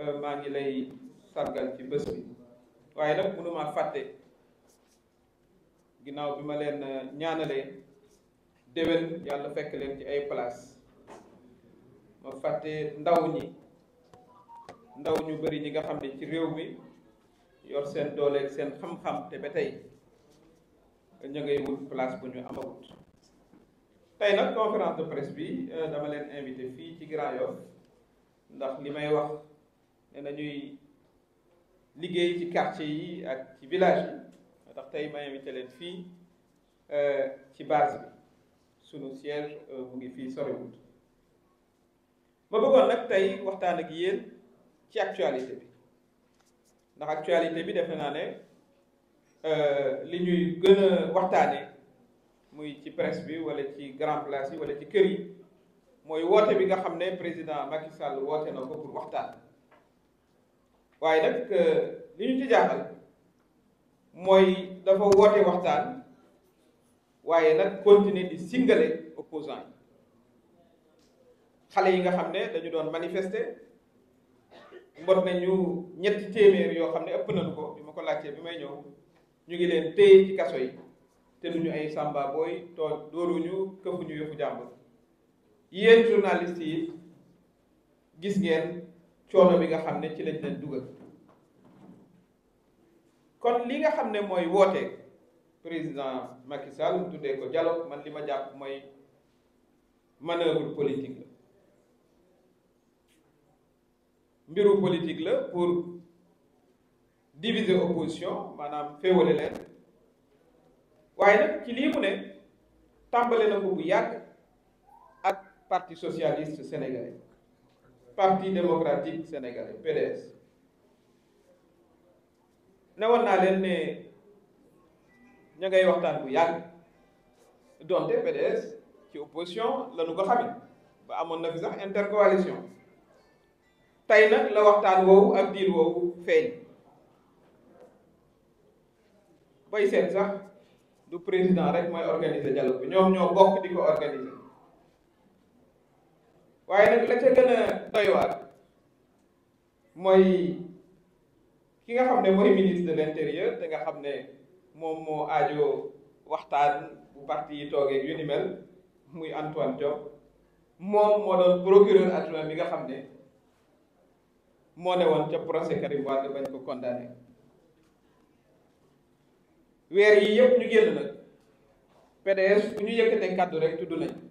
Euh, maa ngi lay sargal ci bés bi waaye nag mënuma fàtte ginnaaw bi ma leen euh, ñaanalee déwén yàlla fekk leen ci ay place ma fàtte ndaw ñi ndaw ñu bari ñi nga xam ne ci réew mi yor seen dooleeg seen xam-xam te ba tey ñu wut place bu ñu amawut tey nag conférence de presse bi euh, dama leen invité fii ci Grand Yoff ndax li may wax ne nañuy liggéey ci quartier yi ak ci village yi moo tax tey ma invité leen fii euh, ci base bi sunu siège euh, mu ngi fii soriwut ma bëggoon nag tey waxtaan ak yéen ci actualité bi ndax actualité bi defe naa ne euh, li ñuy gën a waxtaane muy ci presse bi wala ci grand place yi wala ci kër yi mooy woote bi nga xam ne président Macky Sall woote na ko pour waxtaan waaye nag euh, li ñu ci mooy dafa woote waxtaan waaye nag continuer di singale opposant yi xale yi nga xam ne dañu doon manifester mbot nañu ñetti téeméer yoo xam ne ëpp nañu ko bi ma ko laajtee bi may ñëw ñu ngi leen téye ci kaso yi te duñu ay samba booy too dóoruñu këfuñu yëfu jàmbur yéen journaliste yi gis ngeen coono bi nga xam ne ci lañ leen dugal kon li nga xam ne mooy woote président Macky Sall tuddee ko dialogue man li ma jàpp mooy manœuvre politique la mbiru politique la pour diviser opposition maanaam féewale leen waaye nag ci lii mu ne tàmbale na ko bu yàgg ak parti socialiste sénégalais parti démocratique sénégalais PDS ne woon naa leen ne ña ngay waxtaan bu yàgg donte PDS ci opposition la ñu ko xamee ba amoon na fi sax intercoalition tey nag la waxtaan woowu ak diir woowu feeñ bay seet sax du président rek mooy organiser dialogue bi ñoom ñoo bokk di ko organiser waaye nag la ca gën a doy mooy ki nga xam ne mooy ministre l'intérieur te nga xam ne moom moo ajo waxtaan bu parti yi toogee yu ni mel muy Antoine Diome moom moo doon procureur adjoint bi nga xam ne moo ne woon ca procès Karim bañ ko condamné weer yi yëpp ñu génn nag PDS bu ñu yëkkatee kàddu rek tudd nañ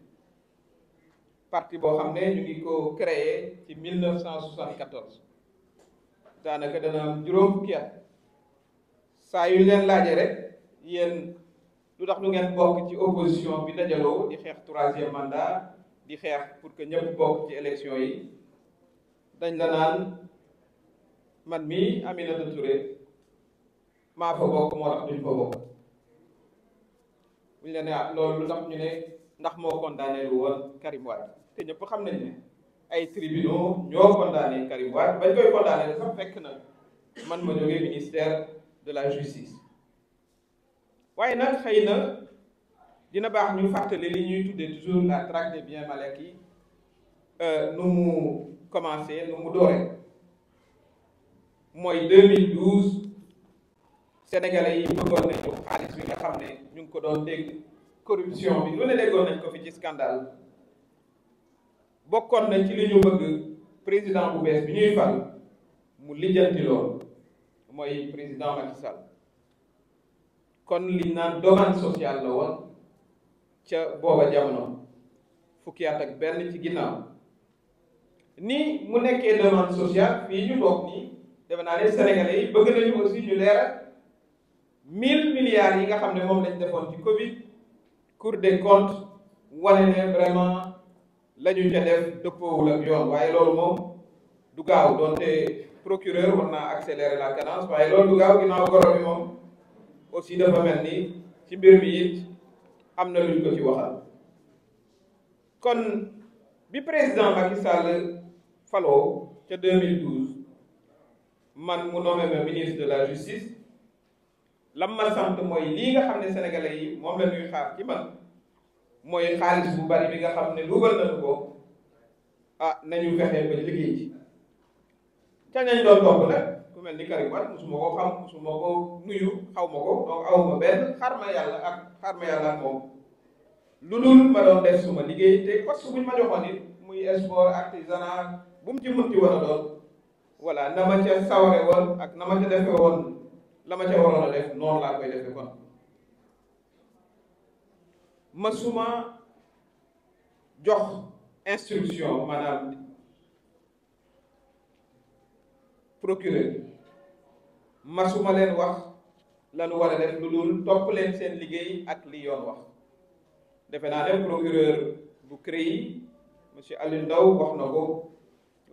parti boo xam ne ñu ngi ko créé ci 1974 daanaka dana juróom fukki at saa yu leen laajee rek yéen lu tax lu ngeen bokk ci opposition bi dajaloo di xeex troisième mandat di xeex pour que ñëpp bokk ci élection yi dañ la naan man mii Aminata Touré maa fa bokk moo tax duñ fa bokk buñ la ne ah loolu lu tax ñu ne. ndax moo condamné lu woon te ñëpp xam nañ ne ay tribunaux ñoo condamné Karim Wade bañ koy condamné dafa fekk na man ma jógee ministère de la justice waaye nag xëy na dina baax ñu fàttali li ñuy tuddee toujours la traque bien biens mal acquis euh, nu mu commencé nu mu dooree mooy 2012 sénégalais yi bëggoon nañu xaalis bi nga xam ne ñu ngi ko doon dégg corruption bi lu ne déggoon nañ ko fi ci scandale bokkoon nañ ci li ñu bëgg président bu bees bi ñuy fal mu lijjanti loolu mooy président Macky Sall kon liñ naan demande sociale la woon ca booba jamono fukki at ak benn ci ginnaaw ni mu nekkee demande sociale fii ñu toog nii defe naa yi bëgg nañu aussi ñu leeral mille milliards yi nga xam ne moom lañ defoon ci Covid cour des comptes wane ne vraiment la ñu ca def dëppoowul ak waaye loolu moom du gaaw donte procureur war naa accélérer la cadence waaye loolu du gaaw ginnaaw goro bi moom aussi dafa mel ni ci mbir mi am na luñ ko ci waxal kon bi président Macky Sall faloo ca man mu nommé ma ministre de la justice lam ma mooy lii nga xam ne sénégalais yi moom la ñuy xaar ci man mooy xaalis bu bari bi nga xam ne dugal nañu ko ah nañu fexe ba liggéey ci ca nañ doon topp nag ku mel ni Karim Wade musuma ko xam musuma ko nuyu xaw ma ko donc awma benn xaar ma yàlla ak xaar ma yàlla ak moom lu dul ma doon def suma liggéey te poste bu ñu ma joxoon muy sport artisanat bu mu ci doon voilà na ma ca saware woon ak na ma ca defe woon la ma ca waroon a def noonu laa koy defee kon ma jox instruction maanaam procureur ma leen wax lanu war def lu dul topp leen seen liggéey ak li yoon wax defe naa dem procureur bu CREI monsieur Aliou Ndao wax na ko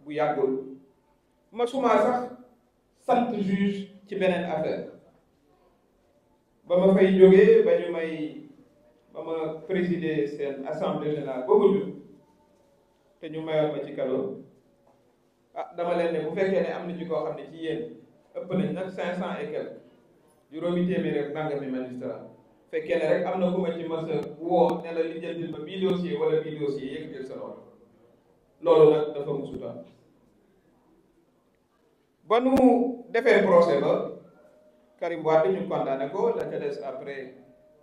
bu yàggul ma sax sant juge ci beneen affaire ba ma fay jógee ba ñu may ba ma présider seen assemblée générale boobu ñu te ñu mayoon ma ci cadeau ah dama leen ne bu fekkee ne am na ci koo xam ne ci yéen ëpp nañ nag cinq e et quelques juróomi téeméer rek nangami magistrat fekkee ne rek am na ku ma ci masa woo ne la li jëndil ma bii dossier wala bii dossier yëkkatil sa loxo loolu nag dafa musuta ba nu defee procès ba Karim Wade ñu condamné ko la ca des après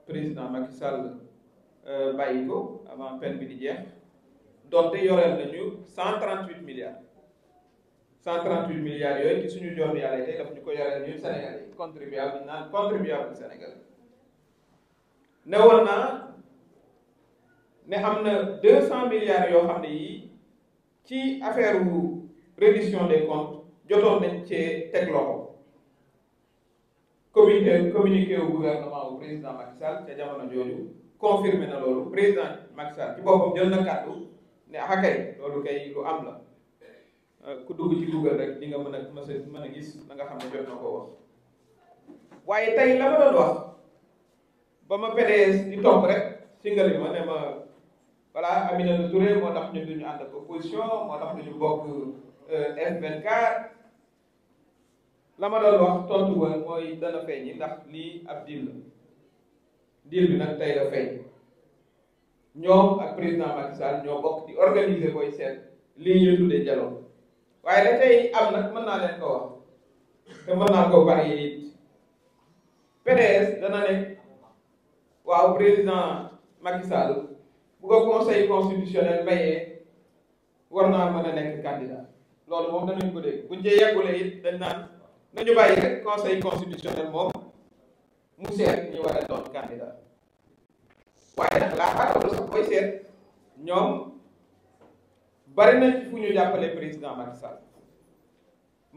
président Macky Sall euh, bàyyi ko avant peine bi di jeex donte yoreel nañu cent trente huit milliards cent trente huit milliards yooyu suñu joon yàlla tey daf ñu ko yoreel ñun Sénégal yi contribuable naan contribuable Sénégal ne woon ne am na deux cent milliards yoo xam ne yi ci affaire wu reddition des comptes jotoon nañ cee teg loxo euh, communiqué communiqué au gouvernement au président Macky Sall ca jamono jooju confirmé na loolu président Macky Sall ci boppam jël na kàddu ne ah loolu kay lu am la euh, ku dugg ci Google rek di nga mën a mën gis la nga xam ne jot na waaye tey la ma doon wax ba ma PDS di topp rek singali ma ne ma voilà Aminata Touré moo tax ñu duñu ànd opposition moo tax duñu bokk Euh, F24 la ma doon wax tontu ba mooy dana feeñ ndax lii ab deal la deal bi nag tey la feeñ ñoom ak président Macky Sall ñoo di organiser koy seet lii ñuy tuddee dialogue waaye la tey am nag mën naa leen ko wax te mën naa koo dana ne waaw président Macky Sall conseil constitutionnel mayee war naa mën a candidat loolu moom danañ ko dégg buñ cee yeggulee it dañ naan nañu bàyyi rek conseil constitutionnel moom mu seet ñu war a doon candidat waaye nag laataa loolu sax koy seet ñoom bari na fu ñu jàppale président Macky Sall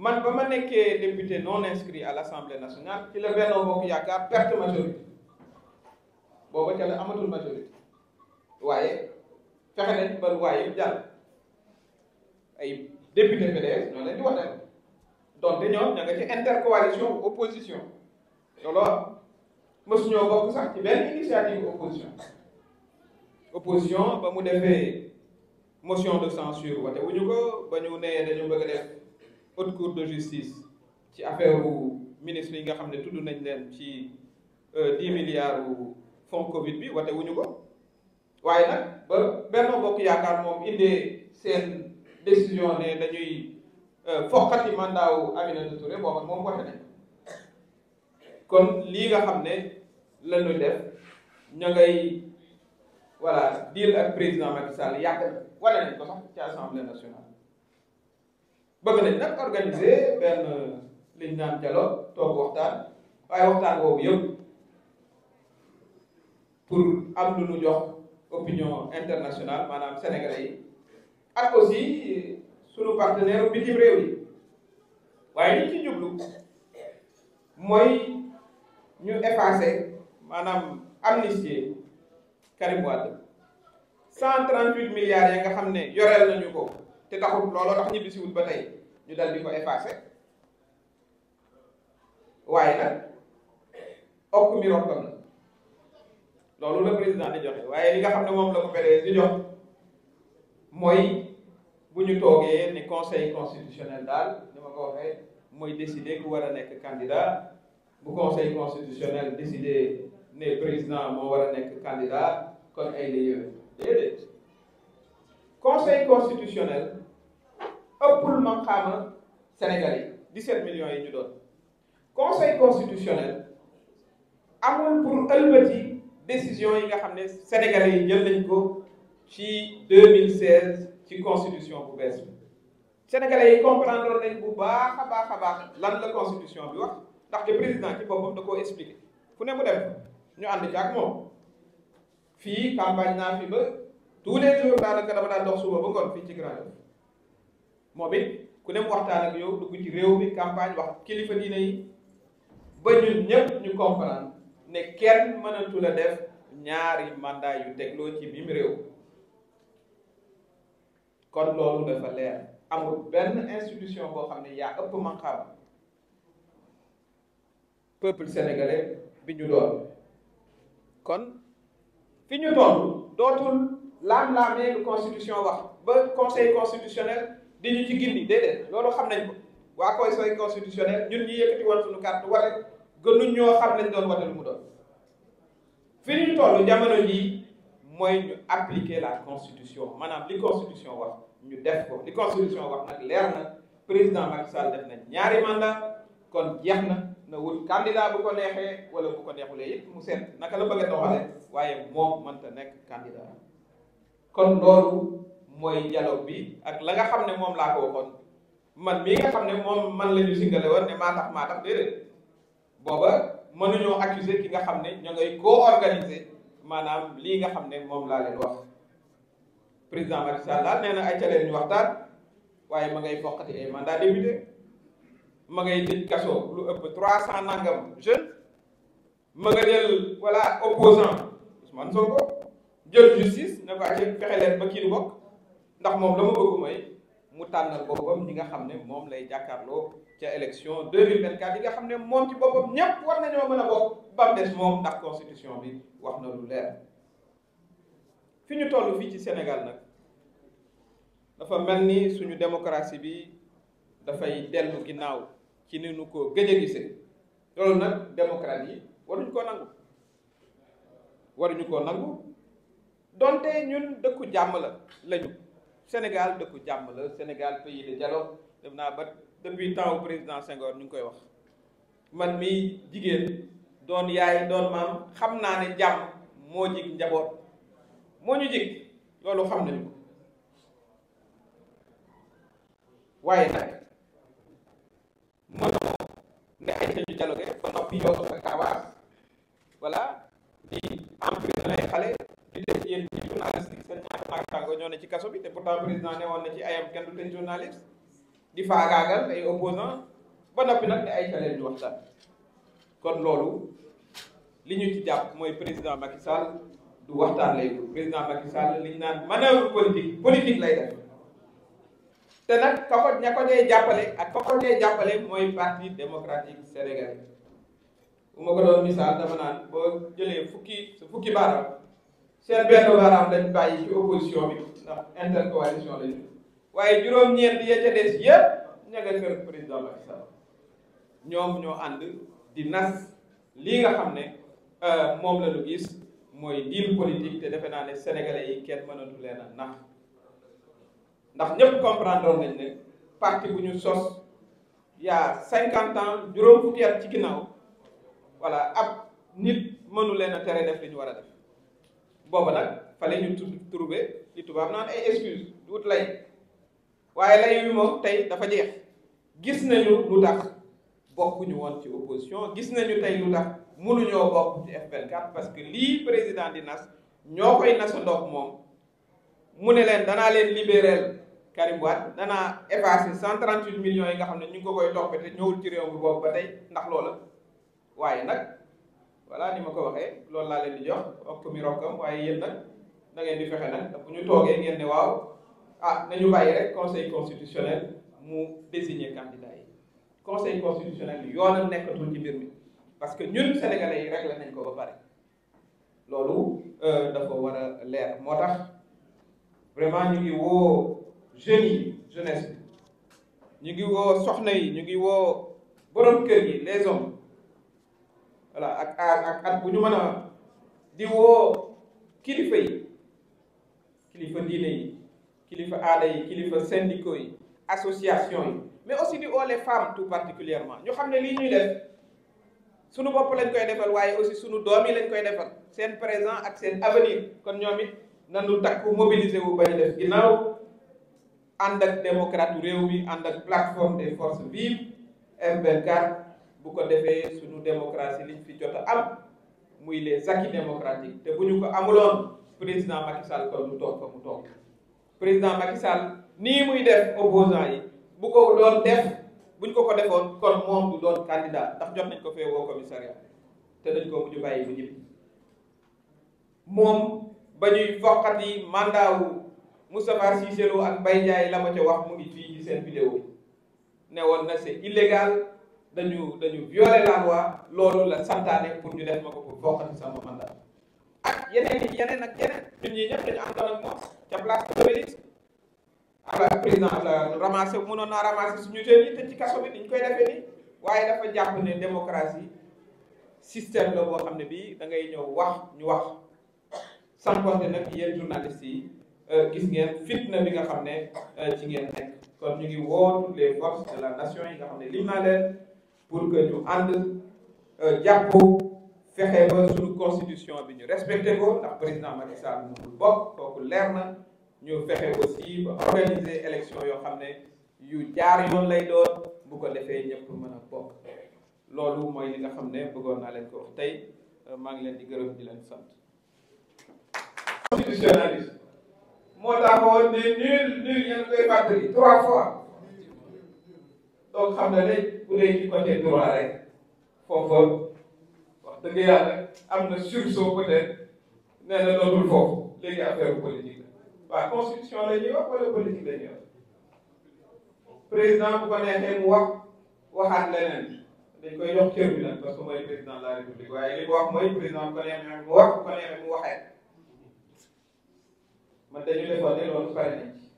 man ba ma nekkee député non inscrit à l' assemblée nationale ci la Benno Bokk Yaakaar perte majorité booba ca la amatul majorité waaye fexe nañ ba waaye jàll ay député PDS ñoo leen di wax rek donte ñoom ña nga ci intercoalition opposition loolu mësuñoo bokk sax ci benn initiative opposition ba mu defee motion de censure wate wu ñu ko ba ñu nee dañu bëgg a def haute cour de justice ci affaire wu ministre yi nga xam ne tudd nañ leen ci euh, dix milliards wu fonds Covid bi wate wu ñu waaye nag ba Benno Bokk Yaakaar moom indee seen décision ne dañuy euh, foqati mandat wu Aminata Touré booba moom wote nañ kon lii nga xam ne lañu def ña ngay voilà deal ak président Macky Sall yàgg na wane nañ ko sax ci assemblée nationale bëgg nañ nag organiser benn li ñu toog waxtaan waaye waxtaan boobu yëpp pour am lu ñu jox opinion internationale maanaam sénégalais yi ak aussi sunu partenaire bitim réew yi waaye li ci jublu mooy ñu effacer maanaam amnistier Karim Wade cent trente huit milliards ya nga xam ne yoreel nañu ko te taxul looloo tax ñibbisiwul ba tey ñu dal di ko effacer waaye nag okk mi rokkam na loolu la président di joxe waaye li nga xam ne moom la ko fere di jox mooy bu ñu toogee ni conseil constitutionnel daal ni ma ko waxee mooy décider ku war a nekk candidat bu conseil constitutionnel décider ne président moo war a nekk candidat kon ay la yëw déedéet conseil constitutionnel ëppul maqaama Sénégal yi 17 millions yi ñu doon conseil constitutionnel amul pour ëlbati décision yi nga xam ne sénégalais yi jël nañ ko ci 2016 ci constitution bu bees bi sénégalais yi comprendre nañ bu baax a baax a baax lan la constitution bi wax ndaxte président ci boppam da koo expliqué fu ne mu dem ñu ànd ci ak moom fii campagne naa fi ba tous les jours daanaka dama daan dox suba ba ngoon fii ci Grand Yoff moom it ku ne mu waxtaan ak yow dugg ci réew mi campagne wax kilifa diine yi ba ñu ñëpp ñu comprendre ne kenn mënatu la def ñaari mandat yu tegloo ci biim réew. kon loolu dafa leer amul benn institution boo xam ne yaa ëpp manqaam peuple sénégalais bi ñu doon kon fi ñu doon dootul laam-laamee lu constitution wax ba conseil constitutionnel di ñu ci gindi déedéet loolu xam nañ ko waa conseil constitutionnel ñun ñu yëkkati woon suñu carte wala gënuñ ñoo xam lañ doon wate lu mu doon fi ñu toll jamono yii mooy ñu appliquer la constitution maanaam li constitution wax ñu def ko li constitution wax nag leer na président Macky Sall def na ñaari mandat kon jeex na na wut candidat bu ko neexee wala bu ko neexulee yëpp mu seet naka la bëgg a doxalee waaye moom mënta nekk candidat kon loolu mooy dialogue bi ak la nga xam ne moom laa ko waxoon man mii nga xam ne moom man lañu ñu singale woon ne maa tax maa tax déedéet booba mënuñoo accuser ki nga xam ne ñoo ngay co-organiser maanaam lii nga xam ne moom laa leen wax président Macky Sall daal nee na ay ca leen ñu waxtaan waaye ma ngay foqati ay mandat député ma ngay tëj kaso lu ëpp trois cent nangam jeune ma nga jël voilà opposant Ousmane Sonko jël justice ne ko leen ba kii du ndax moom la ma bëgg mooy mu tànnal boppam ñi nga xam ne moom lay jàkkaarloo ca élection 2024 yi nga xam ne moom ci boppam ñépp war nañoo mën a bokk ba mu des moom ndax constitution bi wax na lu leer fi ñu toll fii ci Sénégal nag dafa mel ni suñu démocratie bi dafay dellu ginnaaw ci ni nu ko gëj a gisee loolu nag démocrate yi waruñu koo nangu waruñu koo nangu doonte ñun dëkku jàmm la lañu Sénégal dëkku jàmm la Sénégal pays de dialogue def naa ba depuis temps président Senghor ñu ngi koy wax man mi jigéen doon yaay doon maam xam naa ne jàmm moo jig njaboot moo ñu jig loolu xam nañu ko waaye nag mënoo ne ay ñu dialogué ba noppi yow nga kaabaar voilà di emprisonné ay xale di def yéen ci journaliste yi seen ñaata naataango ñoo ne ci kaso bi te pourtant président ne woon na ci ayam kenn du leen journaliste di faagaagal ay opposant ba noppi nag ne ay xale ñu waxtaan kon loolu li ñu ci jàpp mooy président Macky Sall du waxtaan lay président Macky Sall li ñu naan manœuvre politique politique lay def. te nag ka ko ña ko jàppale ak ka ko dee jàppale mooy parti démocratique sénégalais bu ma ko doon misaal dama naan boo jëlee fukki su fukki baaraam seen benn baaraam dañ bàyyi ci opposition bi ndax intercoalition la ñu waaye juróom-ñeent ya ca des yëpp ña nga kër président Macky Sall ñoom ñoo ànd di nas lii nga xam ne euh, moom la ñu gis mooy deal politique te defe naa ne sénégalais yi kenn mënatu leen a nax ndax ñëpp comprendre nañ ne parti bu ñu sos yaa cinquante ans juróom fukki ci ginnaaw voilà ab nit mënu leen a tere def li ñu war a def boobu nag fale ñu trouver li tubaab naan ay excuse wut lay waaye lay wi moom tey dafa jeex gis nañu lu tax bokkuñu woon ci opposition gis nañu tey lu tax mënuñoo bokk ci F24 parce que lii président di nas ñoo koy nasa ndox moom mu ne leen danaa leen libéral Karim Wade danaa effacer 138 millions yi nga xam ne ñu ngi ko koy toppee te ñëwul ci réew boobu ba tey ndax loola waaye nag voilà ni ma ko waxee loolu laa leen di jox okk mi rokkam waaye yéen nag da ngeen di fexe nag bu ñu toogee ngeen ne waaw ah nañu bàyyi rek conseil constitutionnel mu désigner candidat yi conseil constitutionnel bi yoonam nekkatul ci mbir mi parce que ñun sénégalais yi réglé nañ ko ba pare loolu euh, dafa war a leer moo tax vraiment jeunes yi jeunesse ñu ngi woo soxna yi ñu ngi woo borom kër yi les hommes voilà ak ak at bu ñu mën a di woo kilifa yi kilifa diine yi kilifa aada yi kilifa syndicaux yi association yi mais aussi di woo les femmes tout particulièrement ñu xam ne lii ñuy def sunu bopp lañ koy defal waaye aussi sunu doom yi lañ koy defal seen présent ak seen avenir kon ñoom it nanu takku mobiliser wu bañ def ginnaaw ànd ak démocrate réew mi ànd ak plateforme des forces vives M24 bu ko defee suñu démocratie liñ fi jot a am muy les acquis démocratiques te bu ñu ko amuloon président Macky Sall kon mu toog fa mu toog président Macky Sall nii muy def opposant yi bu ko doon def buñ ko ko defoon kon moom du doon candidat ndax jox nañ ko fee woo commissariat te nañ ko mujj bàyyi bu ñibbi moom ba ñuy foqati mandat wu Moustapha Cissé Lo ak Baye Ndiaye la ma ca wax mu ngi fii ci seen vidéo ne woon na c'est dañu dañu violer la loi loolu la santaane pour ñu def ma ko pour bokkati sama mandat ak yeneen yi yeneen ak yeneen ñun ñii ñëpp dañu na ak moom ca place de l'Obélisque ala président la ramassé mënoon naa ramassé suñu teel yi te ci kaso bi ni ñu koy defee nii waaye dafa jàpp ne démocratie système la boo xam ne bii dangay ngay ñëw wax ñu wax sans compter nag yéen journalistes Euh, gis ngeen fitna bi nga xam ne euh, ci ngeen nekk kon ñu ngi woo toutes les forces de la nation yi nga xam ne lim naa leen pour que ñu ànd euh, jàppoo fexe ba suñu constitution bi ñu respecté ko ndax président Macky Sall mënul bokk kooku leer na ñu fexe aussi ba organiser élection yoo xam ne yu jaar yoon lay doon bu ko defee ñëpp mën a bokk loolu mooy li nga xam ne bëggoon naa leen ko wax tey maa ngi leen di gërëm di leen sant constitutionnaliste moo taxoon ne nul nul yéen koy fàttali trois fois donc xam na ne bu dee ci côté droit rek foofu wax dëgg yàlla am na sursaut peut-être nee na dootul foofu léegi affaire politique la waaw constitution la ñuy wax wala politique la ñuy wax président bu ko neexee mu wax waxaat leneen dañ koy jox cër bi nag parce que mooy président de la république waaye li mu wax mooy président bu ko neexee mu wax bu ko neexee mu waxee. man dañu defoon ne loolu pare nañ ci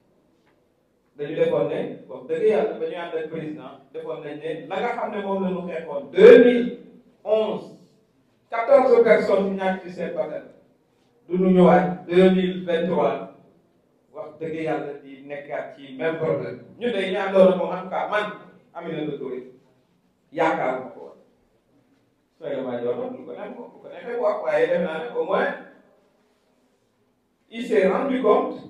dañu defoon ne wax dëgg yàlla ba ñu ànd ak président defoon nañ ne la nga xam ne moom la ñu xeexoon deux mille onze quatorze personnes ñàkk ci seen bakkan du ñu ñëwaat deux mille vingt trois wax dëgg yàlla di nekkaat ci même problème ñu day ñaan loolu moom en tout cas man Aminata Touré yaakaar ma ko woon sooy demaat yoon wax du ko nekk bu ko nekkee wax waaye def naa ne au moins. il s'est rendu compte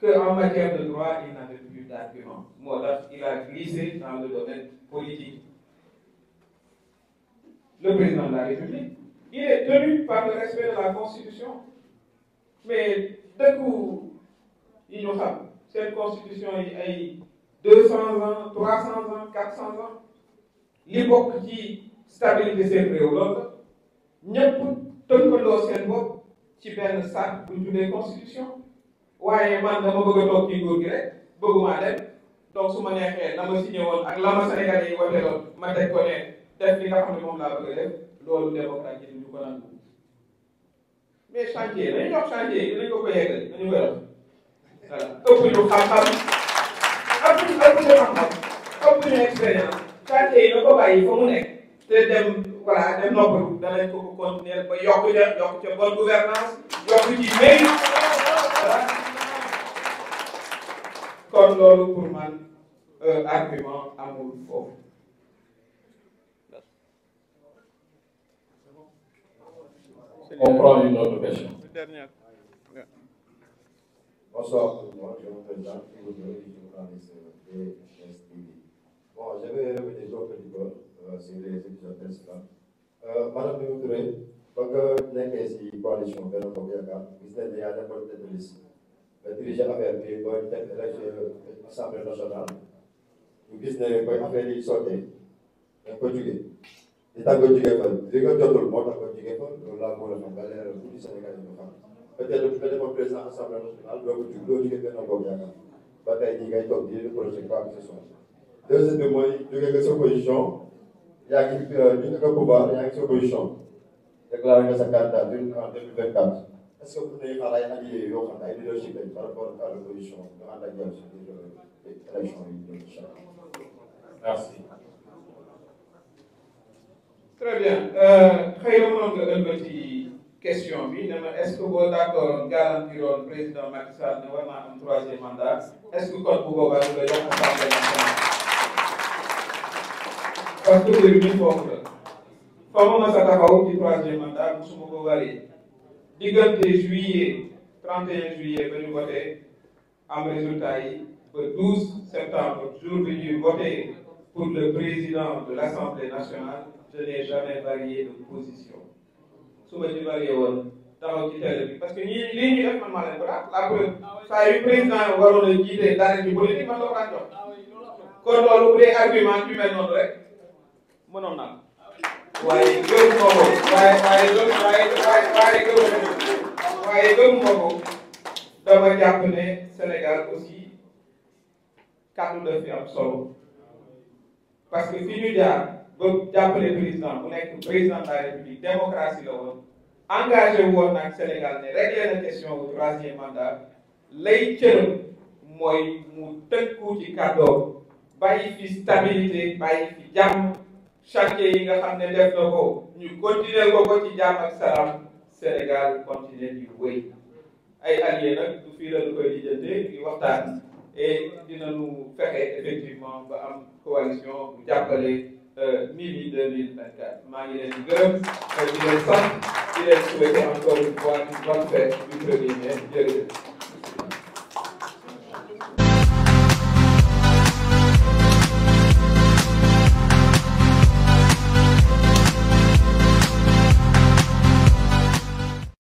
qu'en matière de droit, il n'avait plus d'argument. Bon, il a glissé dans le domaine politique. Le président de la République, il est tenu par le respect de la Constitution. Mais d'un coup, il nous a cette Constitution a 200 ans, 300 ans, 400 ans. L'époque qui stabilité seen réew loolu la ñëpp tënkandoo seen bopp ci benn sac bu ñu tuddee constitution waaye man dama bëgg a toog ci nguur gi rek bëgguma dem donc su ma neexee la ma signé woon ak la ma Sénégalais yi wote loon ma teg ko ne def li nga xam ne moom laa bëgg a def loolu démocratie yi ñu ko nangu mais chantier dañu jox chantier yi dinañ ko ko yeggal dañu wéral voilà ëpp ñu xam-xam ëpp ëpp ñu xam-xam ëpp ñu expérience chantier yi na ko bàyyi fa mu nekk te dem balaa nga noppalu danañ ko ko continuer ba yokk ca yokk ca bonne gouvernance yokk ci mbéy kon loolu pour man euh, argument amul foofu On prend une autre question. Bonsoir tout le monde, je m'appelle Jean, je vous journaliste de STV. Bon, je vais revenir un petit peu sur les épisodes là. madame Mimi Touré ba nga nekkee si coalition Benno Bokk Yaakaar gis nañ ne yaa nekkoon tête de liste nga dirigé bi ba teg élection assemblée nationale ñu gis ne koy affaire yi sottee da ko jugee di tax nga jugee fan li nga jotul moo tax nga jugee fan loolu laa bëggoon a xam nga leeral tuuti Sénégal yi nga xam peut-être bu nga defoon président assemblée nationale doo di projet quoi que ce soit deuxième bi mooy jugee nga sa yaa ngi ñu nekk pouvoir yaa ngi ci opposition déclaré nga sa candidature en 2024 est-ce que mën nañu xaar ay alliés yoo xam ne ay leadership lañ par rapport à l'opposition ñu ànd ak yow si euh, élection yi ñu incha allah merci. très bien euh, xëy na mënoon nga ëlbati question bi ne ma est-ce que boo d'accord garantiroon président Macky Sall ne war naa am troisième mandat est-ce que kon bu boobaa nga yàq parce que réew mi foofu la fa ma mas a taxaw ci troisième mandat musuma ko varié diggante juillet 31 juillet ba ñu voté am résultat yi ba 12 septembre jour bi ñuy voté pour le président de l'Assemblée nationale je n'ai jamais position su ma ci varié woon taxaw ci bi parce que ñii lii ñu def man maa leen ko daal la preuve ah saa yu président waroon a jiite daanaka ci politique ko daan jox ah kon loolu bu dee argument ci mel mënoon naa ko waaye gëm ma ko waaye waaye gëm waaye waaye gëm ma ko waaye gëm ma ko dama jàpp ne Sénégal aussi kàddu daf fi am solo parce que fi ñu jaar ba jàppale président bu nekk président de la république démocratie la woon engagé woon nag Sénégal ne réglé na question bu troisième mandat lay cëram mooy mu tënku ci kàddoom bàyyi fi stabilité bàyyi fi jàmm chantier yi nga xam ne def na ko ñu continuer ko ko ci jàmm ak salaam Sénégal continuer di wéy ay alliés nag du fii la ñu koy lijjante di waxtaan et dinañu fexe effectivement ba am coalition bu jàppale euh, Mimi 2024 maa ngi leen di gërëm euh, di leen sant di leen souhaiter encore une fois une bonne fête du premier mai jërëjëf